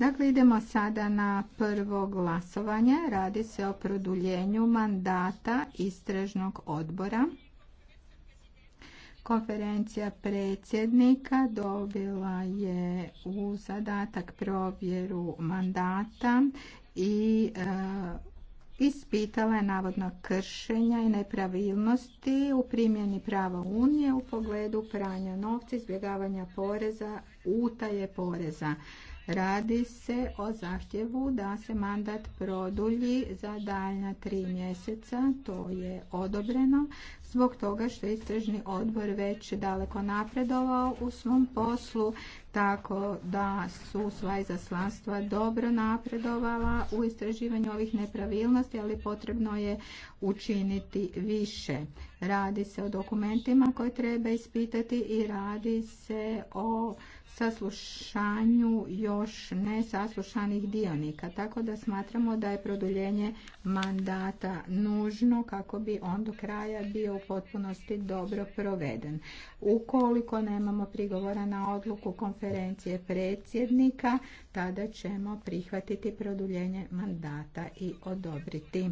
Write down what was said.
Dakle, idemo sada na prvo glasovanje. Radi se o produljenju mandata istražnog odbora. Konferencija predsjednika dobila je u zadatak provjeru mandata i e, ispitala je navodno kršenja i nepravilnosti u primjeni prava Unije u pogledu pranja novca, izbjegavanja poreza, utaje poreza. Radi se o zahtjevu da se mandat produlji za daljna tri mjeseca. To je odobreno zbog toga što je istražni odbor već daleko napredovao u svom poslu tako da su sva izaslanstva dobro napredovala u istraživanju ovih nepravilnosti, ali potrebno je učiniti više. Radi se o dokumentima koje treba ispitati i radi se o saslušanju još nesaslušanih dionika. Tako da smatramo da je produljenje mandata nužno kako bi on do kraja bio u potpunosti dobro proveden. Ukoliko nemamo prigovora na odluku konferencije, konferencije predsjednika, tada ćemo prihvatiti produljenje mandata i odobriti.